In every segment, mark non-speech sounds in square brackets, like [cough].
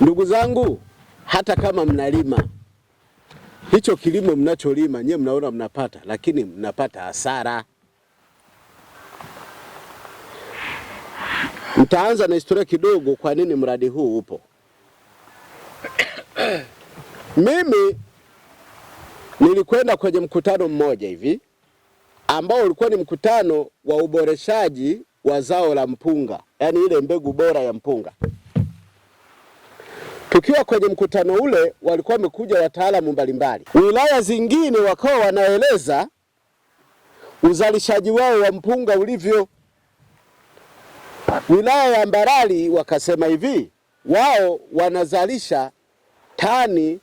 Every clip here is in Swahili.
Ndugu zangu, hata kama mnalima hicho kilimo mnacholima nyewe, mnaona mnapata, lakini mnapata hasara. Mtaanza na historia kidogo, kwa nini mradi huu upo. [coughs] Mimi nilikwenda kwenye mkutano mmoja hivi ambao ulikuwa ni mkutano wa uboreshaji wa zao la mpunga, yaani ile mbegu bora ya mpunga. Tukiwa kwenye mkutano ule, walikuwa wamekuja wataalamu mbalimbali, wilaya zingine wakawa wanaeleza uzalishaji wao wa mpunga ulivyo. Wilaya ya Mbarali wakasema hivi, wao wanazalisha tani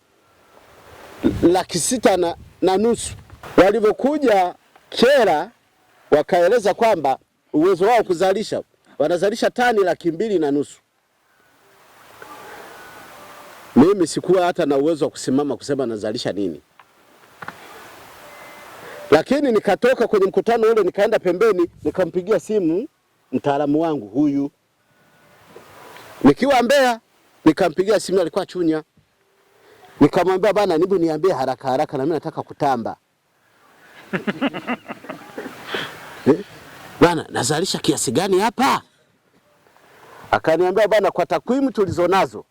laki sita na, na nusu. Walivyokuja Kyela wakaeleza kwamba uwezo wao kuzalisha wanazalisha tani laki mbili na nusu. Mimi sikuwa hata na uwezo wa kusimama kusema nazalisha nini, lakini nikatoka kwenye mkutano ule, nikaenda pembeni, nikampigia simu mtaalamu wangu huyu nikiwa Mbeya, nikampigia simu, alikuwa Chunya, nikamwambia bana, nibu niambie haraka haraka, na mimi nataka kutamba [laughs] eh? bana, nazalisha kiasi gani hapa? Akaniambia bana, kwa takwimu tulizonazo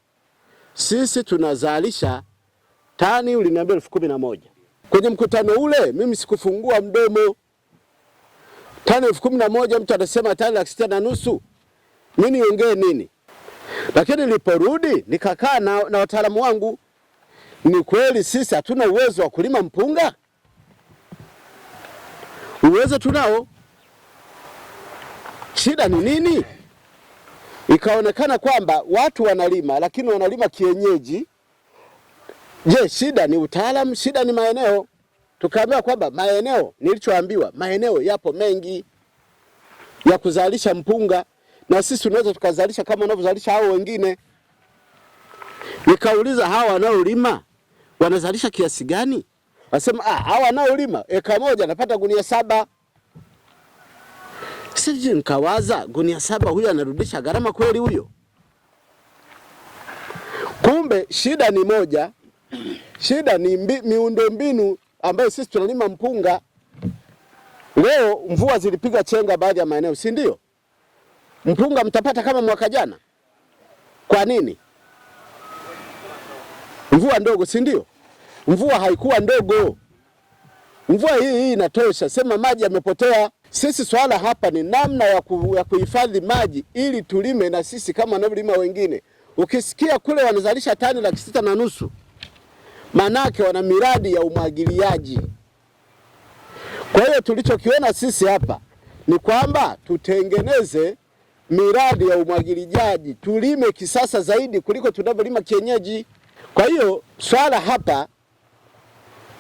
sisi tunazalisha tani, uliniambia elfu kumi na moja kwenye mkutano ule. Mimi sikufungua mdomo. Tani elfu kumi na moja mtu atasema tani laki sita na nusu, mi niongee nini? Lakini niliporudi nikakaa na, na wataalamu wangu, ni kweli sisi hatuna uwezo wa kulima mpunga. Uwezo tunao, shida ni nini? ikaonekana kwamba watu wanalima lakini wanalima kienyeji. Je, shida ni utaalamu? Shida ni maeneo? Tukaambiwa kwamba maeneo, nilichoambiwa maeneo yapo mengi ya kuzalisha mpunga, na sisi tunaweza tukazalisha kama wanavyozalisha hao wengine. Nikauliza, hawa wanaolima wanazalisha kiasi gani? Wasema ah, hawa wanaolima eka moja napata gunia saba. Sisi nikawaza gunia saba, huyo anarudisha gharama kweli huyo? Kumbe shida ni moja, shida ni mbi, mbinu ambayo sisi tunalima mpunga. Leo mvua zilipiga chenga baadhi ya maeneo, si ndio? Mpunga mtapata kama mwaka jana. Kwa nini? Mvua ndogo, si ndio? Mvua haikuwa ndogo, mvua hii hii inatosha, sema maji yamepotea. Sisi swala hapa ni namna ya, ku, ya kuhifadhi maji ili tulime na sisi kama wanavyolima wengine. Ukisikia kule wanazalisha tani laki sita na nusu, manake wana miradi ya umwagiliaji. Kwa hiyo tulichokiona sisi hapa ni kwamba tutengeneze miradi ya umwagiliaji, tulime kisasa zaidi kuliko tunavyolima kienyeji. Kwa hiyo swala hapa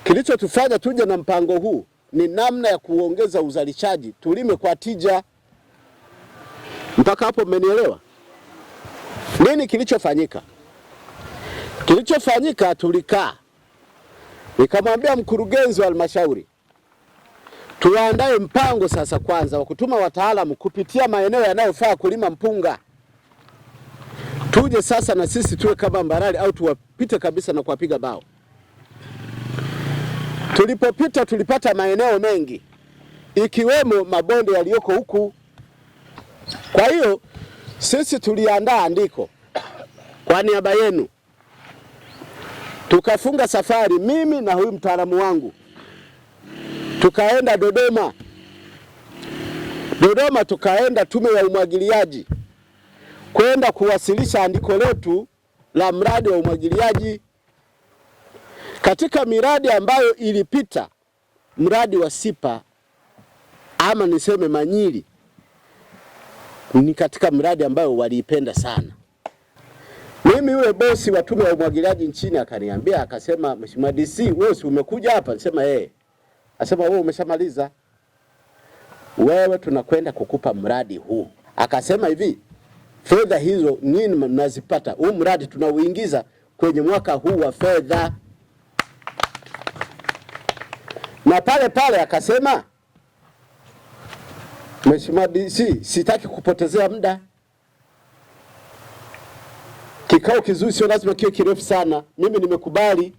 kilichotufanya tuje na mpango huu ni namna ya kuongeza uzalishaji, tulime kwa tija. Mpaka hapo mmenielewa? Nini kilichofanyika? Kilichofanyika, tulikaa nikamwambia mkurugenzi wa halmashauri tuandae mpango sasa, kwanza wa kutuma wataalamu kupitia maeneo yanayofaa kulima mpunga, tuje sasa na sisi tuwe kama Mbarali au tuwapite kabisa na kuwapiga bao. Tulipopita tulipata maeneo mengi ikiwemo mabonde yaliyoko huku. Kwa hiyo sisi tuliandaa andiko kwa niaba yenu, tukafunga safari, mimi na huyu mtaalamu wangu, tukaenda Dodoma. Dodoma tukaenda tume ya umwagiliaji kwenda kuwasilisha andiko letu la mradi wa umwagiliaji katika miradi ambayo ilipita, mradi wa Sipa ama niseme Manyiri ni katika mradi ambayo waliipenda sana. Mimi yule bosi wa tume ya umwagiliaji nchini akaniambia akasema, Mheshimiwa DC, wewe si umekuja hapa? Nisema yeye eh. asema, wewe umeshamaliza, wewe tunakwenda kukupa mradi huu. Akasema hivi, fedha hizo nini mnazipata? Huu mradi tunauingiza kwenye mwaka huu wa fedha. na pale pale akasema, Mheshimiwa DC, sitaki kupotezea muda. Kikao kizuri sio lazima kiwe kirefu sana. Mimi nimekubali,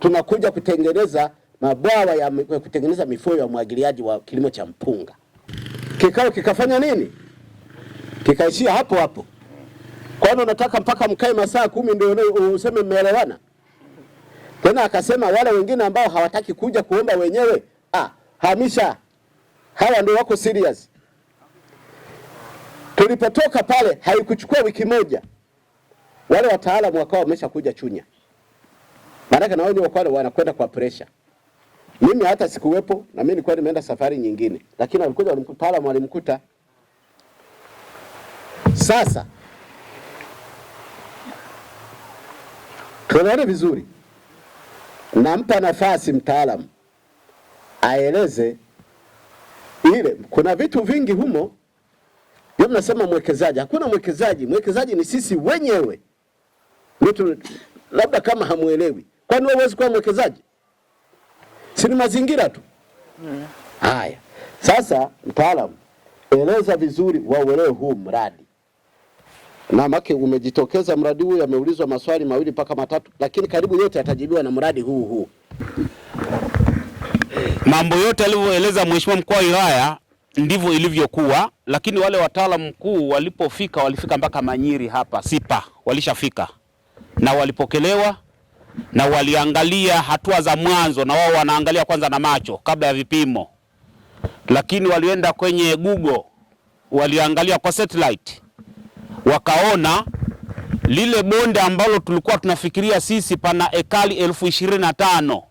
tunakuja kutengeneza mabwawa ya kutengeneza mifumo ya umwagiliaji wa kilimo cha mpunga. Kikao kikafanya nini? Kikaishia hapo hapo. Kwani unataka mpaka mkae masaa kumi ndio useme mmeelewana? Tena akasema wale wengine ambao hawataki kuja kuomba wenyewe, ah, hamisha. Hawa ndio wako serious. Tulipotoka pale haikuchukua wiki moja, wale wataalamu wakawa wameshakuja Chunya, maanake na wao wanakwenda kwa pressure. Mimi hata sikuwepo, na mimi nilikuwa nimeenda safari nyingine, lakini walikuja, mtaalamu walimkuta. Sasa tuelewane vizuri nampa nafasi mtaalamu aeleze ile. Kuna vitu vingi humo ndio mnasema mwekezaji. Hakuna mwekezaji, mwekezaji ni sisi wenyewe. Mtu labda kama hamuelewi, kwani wewe huwezi kuwa mwekezaji? Si ni mazingira tu hmm. haya. Sasa mtaalamu, eleza vizuri wauelewe huu mradi na make umejitokeza mradi huu, yameulizwa maswali mawili mpaka matatu, lakini karibu yote yatajibiwa na mradi huu huu. Mambo yote alivyoeleza mheshimiwa mkuu wa wilaya ndivyo ilivyokuwa, lakini wale wataalamu kuu walipofika walifika mpaka Manyiri hapa Sipa, walishafika na walipokelewa na waliangalia hatua za mwanzo, na wao wanaangalia kwanza na macho kabla ya vipimo, lakini walienda kwenye Google waliangalia kwa satellite wakaona lile bonde ambalo tulikuwa tunafikiria sisi pana ekali elfu ishirini na tano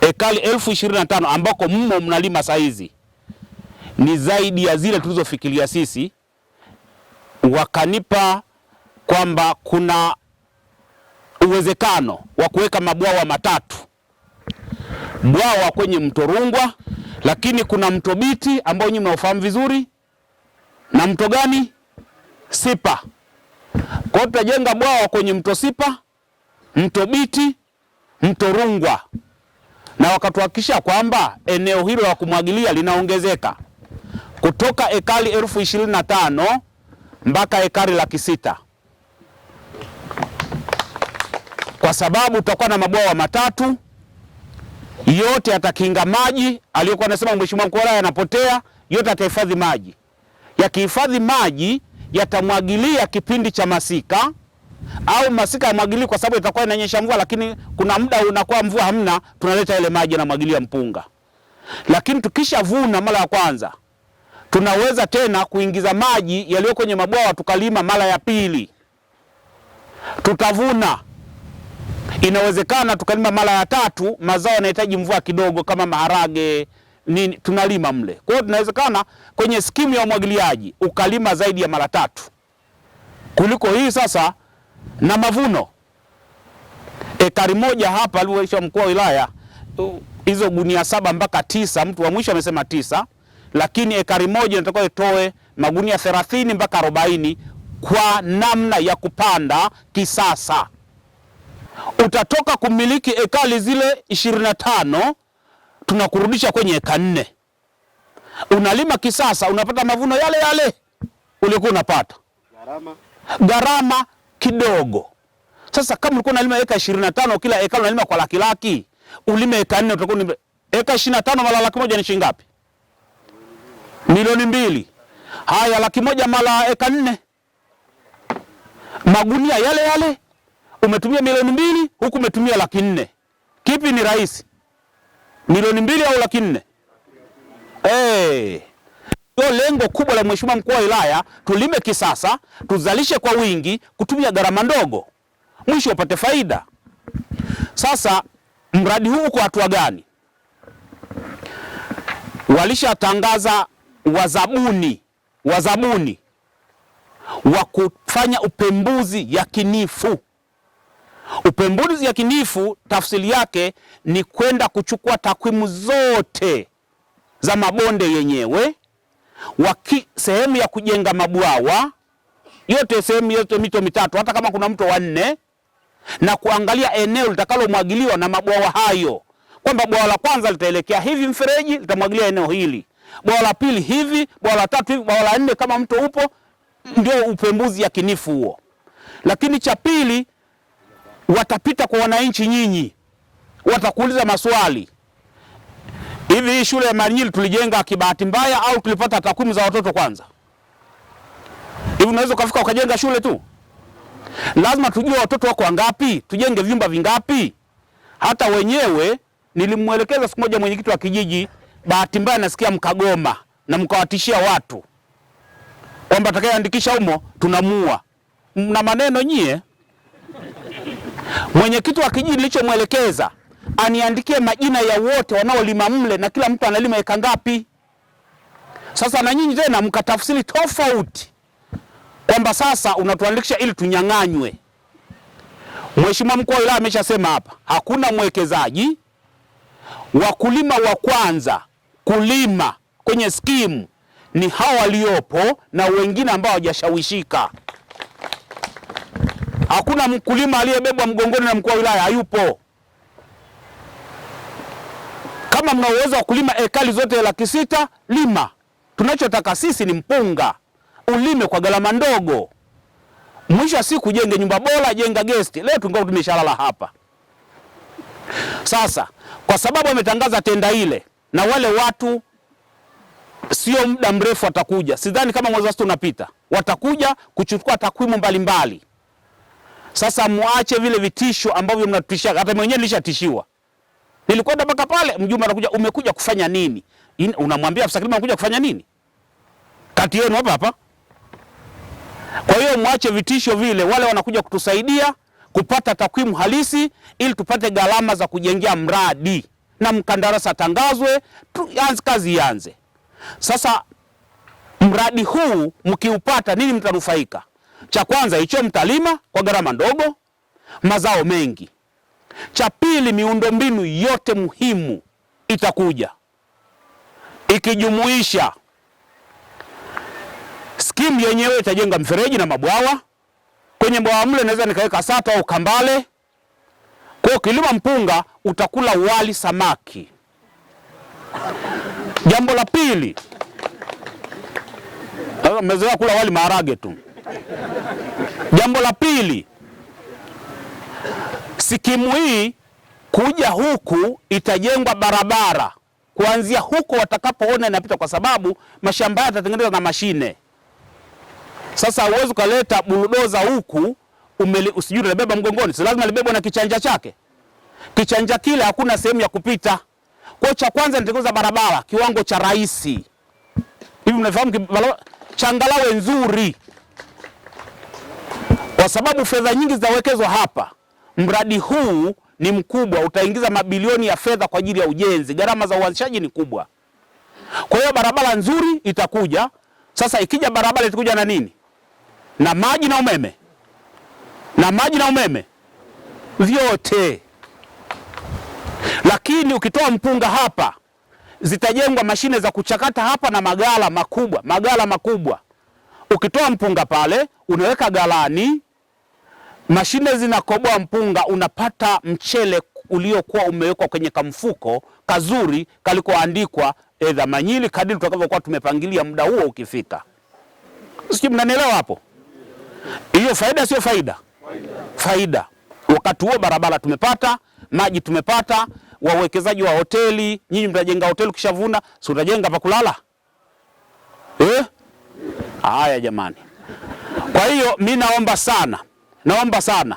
ekali elfu ishirini na tano ambako mmo mnalima saizi ni zaidi ya zile tulizofikiria sisi. Wakanipa kwamba kuna uwezekano wa kuweka mabwawa matatu, bwawa kwenye mto Rungwa, lakini kuna mto Biti ambao nyinyi mnaofahamu vizuri, na mto gani Sipa. Kwa hiyo tutajenga bwawa kwenye mto Sipa, mto Biti, mto Rungwa na wakatuhakikisha kwamba eneo hilo la kumwagilia linaongezeka kutoka ekari elfu ishirini na tano mpaka ekari laki sita kwa sababu tutakuwa na mabwawa matatu yote yatakinga maji aliyokuwa anasema mheshimiwa mkuu wa wilaya yanapotea, yote yatahifadhi maji. Yakihifadhi maji yatamwagilia kipindi cha masika au masika yamwagili kwa sababu itakuwa inanyesha mvua, lakini kuna muda unakuwa mvua hamna, tunaleta ile maji mwagilia mpunga. Lakini tukishavuna mara ya kwanza, tunaweza tena kuingiza maji yaliyo kwenye mabwawa tukalima mara ya pili, tutavuna inawezekana tukalima mara ya tatu. Mazao yanahitaji mvua kidogo, kama maharage, ni tunalima mle. Kwa hiyo tunawezekana kwenye skimu ya umwagiliaji ukalima zaidi ya mara tatu kuliko hii sasa, na mavuno ekari moja hapa alivyoisha mkuu wa wilaya hizo gunia saba mpaka tisa, mtu wa mwisho amesema tisa, lakini ekari moja inatakiwa itoe magunia 30 mpaka 40 kwa namna ya kupanda kisasa. Utatoka kumiliki ekari zile tano tunakurudisha kwenye eka nne. Unalima kisasa, unapata mavuno yale yale ulikuwa unapata, gharama gharama kidogo. Sasa kama ulikuwa unalima eka 25 kila eka unalima kwa laki laki, ulime eka nne, utakuwa ni eka 25 mara laki moja ni shilingi ngapi? Milioni mbili. Haya, laki moja mara eka nne, magunia yale yale, umetumia milioni mbili, huku umetumia laki nne. Kipi ni rahisi? milioni mbili au laki nne hey. Eh. lengo kubwa la mheshimiwa mkuu wa wilaya, tulime kisasa, tuzalishe kwa wingi, kutumia gharama ndogo, mwisho wapate faida. Sasa mradi huu kwa hatua gani? Walishatangaza wazabuni, wazabuni wa kufanya upembuzi yakinifu Upembuzi yakinifu tafsiri yake ni kwenda kuchukua takwimu zote za mabonde yenyewe waki, sehemu ya kujenga mabwawa yote, sehemu yote mito mitatu, hata kama kuna mto wa nne, na kuangalia eneo litakalomwagiliwa na mabwawa hayo, kwamba bwawa la kwanza litaelekea hivi, mfereji litamwagilia eneo hili, bwawa la pili hivi, bwawa la tatu hivi, bwawa la nne kama mto upo. Ndio upembuzi yakinifu huo, lakini cha pili watapita kwa wananchi, nyinyi watakuuliza maswali, hivi hii shule ya Malinyili tulijenga kibahati mbaya au tulipata takwimu za watoto kwanza? Hivi unaweza ukafika ukajenga shule tu? Lazima tujue watoto wako wangapi, tujenge vyumba vingapi. Hata wenyewe nilimwelekeza siku moja mwenyekiti wa kijiji, bahati mbaya nasikia mkagoma na mkawatishia watu kwamba atakayeandikisha humo tunamua na maneno nyie. Mwenyekiti wa kijiji nilichomwelekeza aniandikie majina ya wote wanaolima mle na kila mtu analima eka ngapi. Sasa na nyinyi tena mkatafsiri tofauti kwamba sasa unatuandikisha ili tunyang'anywe. Mheshimiwa mkuu wa wilaya ameshasema hapa, hakuna mwekezaji. Wakulima wa kwanza kulima kwenye skimu ni hawa waliopo na wengine ambao hawajashawishika. Hakuna mkulima aliyebebwa mgongoni na mkuu wa wilaya, hayupo. Kama mna uwezo wa kulima ekali zote laki sita lima. Tunachotaka sisi ni mpunga, ulime kwa gharama ndogo, mwisho wa siku jenge nyumba bora, jenga gesti. Leo tunga tumeshalala hapa sasa, kwa sababu ametangaza tenda ile na wale watu sio muda mrefu watakuja, sidhani kama mwezi wa sita unapita, watakuja kuchukua takwimu mbalimbali. Sasa muache vile vitisho ambavyo mnatisha. Hata mwenyewe nilishatishiwa, nilikwenda mpaka pale, mjumbe anakuja, umekuja kufanya nini? Unamwambia afisa kilimo anakuja kufanya nini? Kati yenu hapa hapa. Kwa hiyo muache vitisho vile, wale wanakuja kutusaidia kupata takwimu halisi ili tupate gharama za kujengea mradi na mkandarasi atangazwe, kazi ianze. Sasa mradi huu mkiupata, nini mtanufaika? Cha kwanza hicho, mtalima kwa gharama ndogo, mazao mengi. Cha pili, miundombinu yote muhimu itakuja ikijumuisha skimu yenyewe itajenga mfereji na mabwawa. Kwenye bwawa mle naweza nikaweka sato au kambale. Kwa hiyo kilima mpunga utakula wali samaki. Jambo la pili, mmezoea kula wali maharage tu. Jambo la pili, Sikimu hii kuja huku itajengwa barabara kuanzia huko watakapoona inapita, kwa sababu mashamba haya yatatengenezwa na mashine. Sasa huwezi ukaleta buludoza huku usijui unabeba mgongoni, si lazima libebwe na kichanja chake. Kichanja kile hakuna sehemu ya kupita. Kwa cha kwanza nitengeneza barabara kiwango cha rahisi hivi, mnafahamu changalawe nzuri kwa sababu fedha nyingi zitawekezwa hapa. Mradi huu ni mkubwa, utaingiza mabilioni ya fedha kwa ajili ya ujenzi. Gharama za uanzishaji ni kubwa, kwa hiyo barabara nzuri itakuja. Sasa ikija barabara itakuja na nini? Na maji na umeme, na maji na umeme vyote. Lakini ukitoa mpunga hapa, zitajengwa mashine za kuchakata hapa na magala makubwa, magala makubwa. Ukitoa mpunga pale, unaweka galani mashine zinakoboa mpunga, unapata mchele uliokuwa umewekwa kwenye kamfuko kazuri kalikoandikwa edha manyili kadiri tutakavyokuwa tumepangilia muda huo ukifika. Sijui mnanielewa hapo? Hiyo faida sio faida? Faida, Wakati huo barabara tumepata, maji tumepata, wawekezaji wa hoteli, nyinyi mtajenga hoteli ukishavuna, si utajenga pa kulala eh? Haya jamani, kwa hiyo mi naomba sana Naomba sana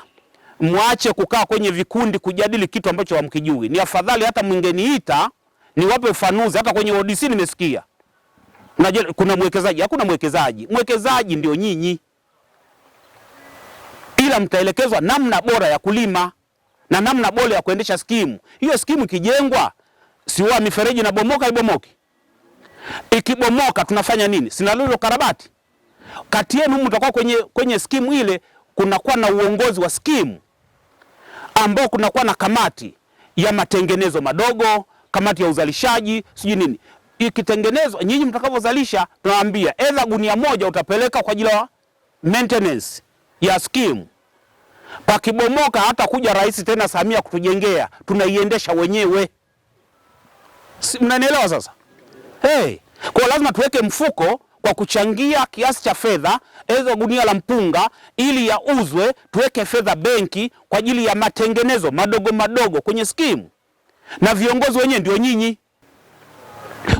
mwache kukaa kwenye vikundi kujadili kitu ambacho hamkijui. Ni afadhali hata mwingeniita niwape ufanuzi. Hata kwenye ODC nimesikia kuna mwekezaji. Hakuna mwekezaji, mwekezaji ndio nyinyi, ila mtaelekezwa namna bora ya kulima na namna bora ya kuendesha skimu hiyo. Skimu ikijengwa, siwa mifereji na bomoka ibomoki, ikibomoka tunafanya nini? Sinalilo karabati katieni mtakuwa kwenye, kwenye skimu ile kunakuwa na uongozi wa skimu ambao kunakuwa na kamati ya matengenezo madogo, kamati ya uzalishaji, sijui nini. Ikitengenezwa, nyinyi mtakavyozalisha, tunawaambia edha gunia moja utapeleka kwa ajili ya maintenance ya skimu. Pakibomoka hata kuja Rais tena Samia kutujengea, tunaiendesha wenyewe. Si mnanielewa sasa? Hey, kwa lazima tuweke mfuko kwa kuchangia kiasi cha fedha, ezo gunia la mpunga ili yauzwe, tuweke fedha benki kwa ajili ya matengenezo madogo madogo kwenye skimu, na viongozi wenyewe ndio nyinyi.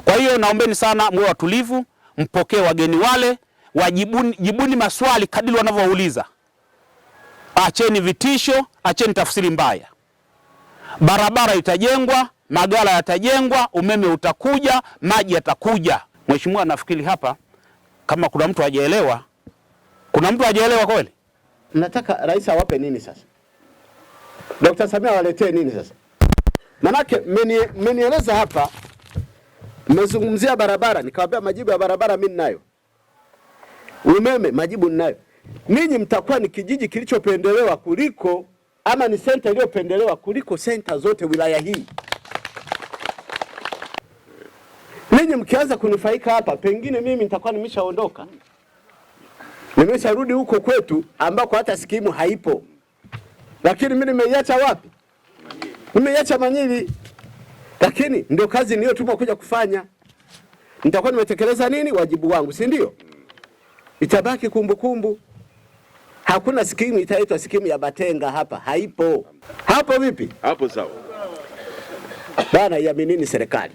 Kwa hiyo naombeni sana mwe watulivu, mpokee wageni wale, wajibuni jibuni maswali kadili wanavyouliza. Acheni vitisho, acheni tafsiri mbaya. Barabara itajengwa, magala yatajengwa, umeme utakuja, maji yatakuja. Mheshimiwa, nafikiri hapa kama kuna mtu hajaelewa, kuna mtu hajaelewa kweli? Nataka rais awape nini sasa? Dkt. Samia awaletee nini sasa? Manake mmenieleza hapa, mmezungumzia barabara, nikawaambia majibu ya barabara mimi ninayo. Umeme majibu ninayo. Ninyi mtakuwa ni kijiji kilichopendelewa kuliko ama ni senta iliyopendelewa kuliko senta zote wilaya hii. Ninyi mkianza kunufaika hapa, pengine mimi nitakuwa nimeshaondoka, nimesharudi huko kwetu ambako hata skimu haipo. Lakini mimi nimeiacha wapi? Nimeiacha Manyili, lakini ndio kazi niliyotumwa kuja kufanya. Nitakuwa nimetekeleza nini? Wajibu wangu, si ndio? Itabaki kumbukumbu. Hakuna skimu itaitwa skimu ya Batenga hapa, haipo. Hapo vipi? Hapo sawa bana, iaminini serikali.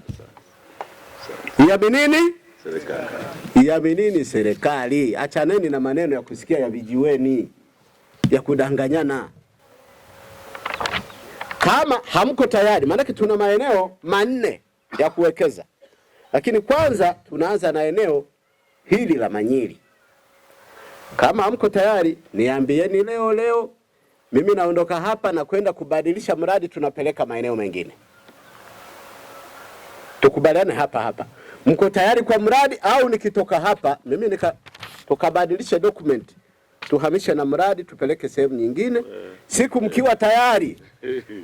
Iaminini serikali, iaminini serikali. Achaneni na maneno ya kusikia ya vijiweni ya kudanganyana. Kama hamko tayari, maanake tuna maeneo manne ya kuwekeza, lakini kwanza tunaanza na eneo hili la Manyiri. Kama hamko tayari, niambieni leo leo, mimi naondoka hapa na kwenda kubadilisha mradi, tunapeleka maeneo mengine. Tukubaliane hapa hapa mko tayari kwa mradi au nikitoka hapa mimi nika tukabadilisha document tuhamishe na mradi tupeleke sehemu nyingine. Siku mkiwa tayari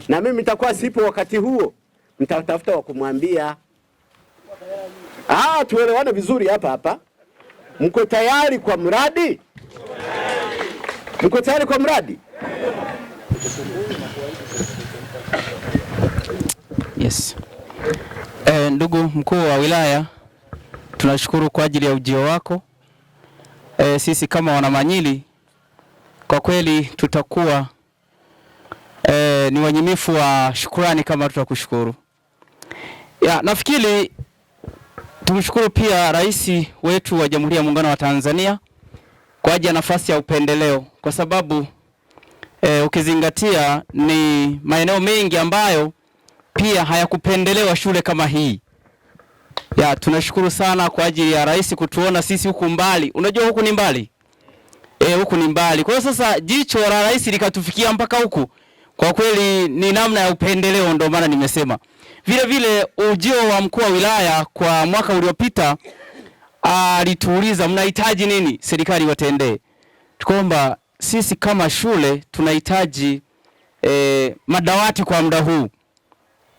na mimi nitakuwa sipo wakati huo, mtatafuta wa kumwambia ah, tuelewane vizuri hapa hapa. Mko tayari kwa mradi? Mko tayari kwa mradi? Yes. Eh, ndugu mkuu wa wilaya tunashukuru kwa ajili ya ujio wako. E, sisi kama wanamanyili kwa kweli tutakuwa e, ni wanyimifu wa shukurani kama tutakushukuru. Ya, nafikiri tumshukuru pia rais wetu wa Jamhuri ya Muungano wa Tanzania kwa ajili ya nafasi ya upendeleo, kwa sababu e, ukizingatia ni maeneo mengi ambayo pia hayakupendelewa shule kama hii ya, tunashukuru sana kwa ajili ya rais kutuona sisi huku mbali. Unajua huku ni mbali? Eh, huku ni mbali. Kwa hiyo sasa jicho la rais likatufikia mpaka huku. Kwa kweli ni namna ya upendeleo ndio maana nimesema. Vile vile ujio wa mkuu wa wilaya kwa mwaka uliopita alituuliza mnahitaji nini serikali watendee. Tukomba sisi kama shule tunahitaji e, madawati kwa muda huu.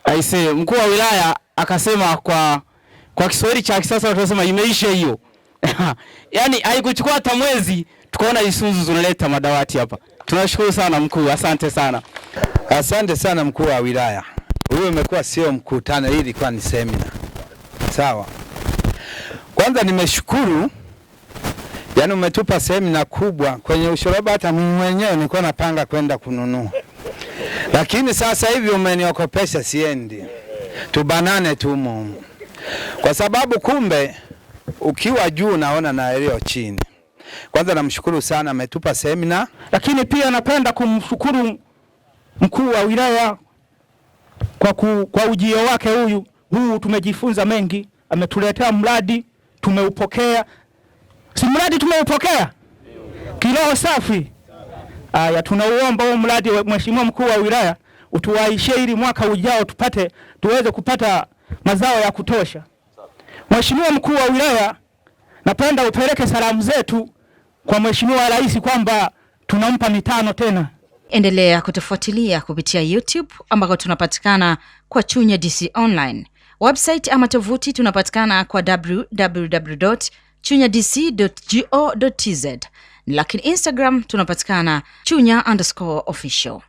Aisee, mkuu wa wilaya akasema kwa kwa Kiswahili cha kisasa tunasema imeisha hiyo. [laughs] Yaani haikuchukua hata mwezi tukaona Isuzu zinaleta madawati hapa. Tunashukuru sana mkuu, asante sana. Asante sana mkuu wa wilaya. Huyo imekuwa sio mkutano, hii ilikuwa ni semina. Sawa. Kwanza nimeshukuru, yaani umetupa semina kubwa kwenye ushoroba, hata mwenyewe nilikuwa napanga kwenda kununua, lakini sasa hivi umeniokopesha, siendi, tubanane tu kwa sababu kumbe ukiwa juu unaona na yaliyo chini. Kwanza namshukuru sana, ametupa semina, lakini pia napenda kumshukuru mkuu wa wilaya kwa, ku, kwa ujio wake huyu huu, tumejifunza mengi, ametuletea mradi tumeupokea, si mradi tumeupokea kiroho safi. Aya, tunauomba huu mradi, mheshimiwa mkuu wa wilaya, utuwaishie ili mwaka ujao tupate tuweze kupata mazao ya kutosha. Mheshimiwa mkuu wa wilaya, napenda upeleke salamu zetu kwa Mheshimiwa Rais kwamba tunampa mitano tena. Endelea kutufuatilia kupitia YouTube ambako tunapatikana kwa Chunya DC Online, website ama tovuti tunapatikana kwa www chunya dc go tz, lakini Instagram tunapatikana chunya underscore official.